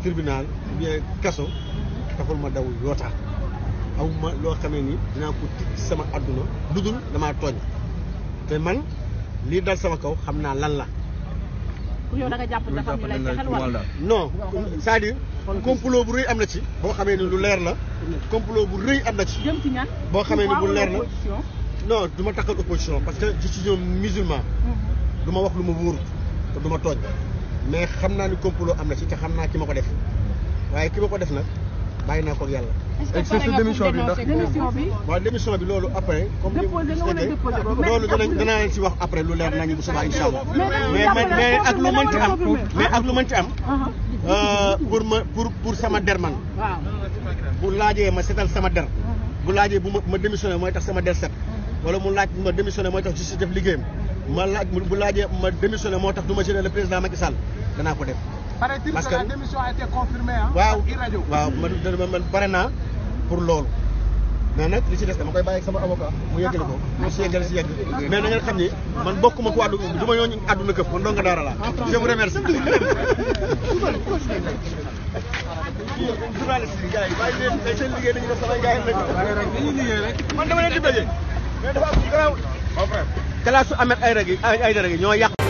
tribunal ou bien kaso taxul ma daw yoota aw ma loo xamee ni dinaa ko tiit sama àdduna du dul damaa tooñ te man ni dal sama kaw xam naa lan la. yow da nga jàpp dafa ñu lay fexel wala non cest bu rëy am na ci. boo xamee ni lu leer la. complot bu rëy am na ci. jëm ci boo xamee ni bu leer la non du ma takkal opposition parce que je suis un musulman. Mm-hmm. du wax lu ma wóorul te du tooñ. mais xam naa ni complot am na ci te xam naa ki ma ko def waaye ki ma ko def nag bàyyi naa ko yàlla. est ce que bi ndax démission bi. waaw bi loolu après. comme ni mu loolu danañ danaa leen si wax après lu leer nañu bu subaa incha allah. mais mais ak lu mënti am mais ak lu mënti am. pour ma pour pour sama der man. waaw bu laajee ma setal sama der. Uh-huh. bu laajee bu ma ma démissionné mooy tax sama der set. Uh-huh. wala mu laaj ma démissionné mooy tax justice def liggéeyam. ma laaj bu laajé ma démissioné motax duma du le président Macky Sall dana ko def. parce que la démission a été confirmée hein waaw waaw man man paré na pour mais nak li ci dama koy sama avocat mu yeggali ko mu si ci yegg mais na xamni ni man bokkuma ko addu duma ma je vous remercie journaliste yi leen liggéey sama rek man dama leen di mais dafa kalaasu Ahmed Aïdara gi Aïdara gi ñoo yàq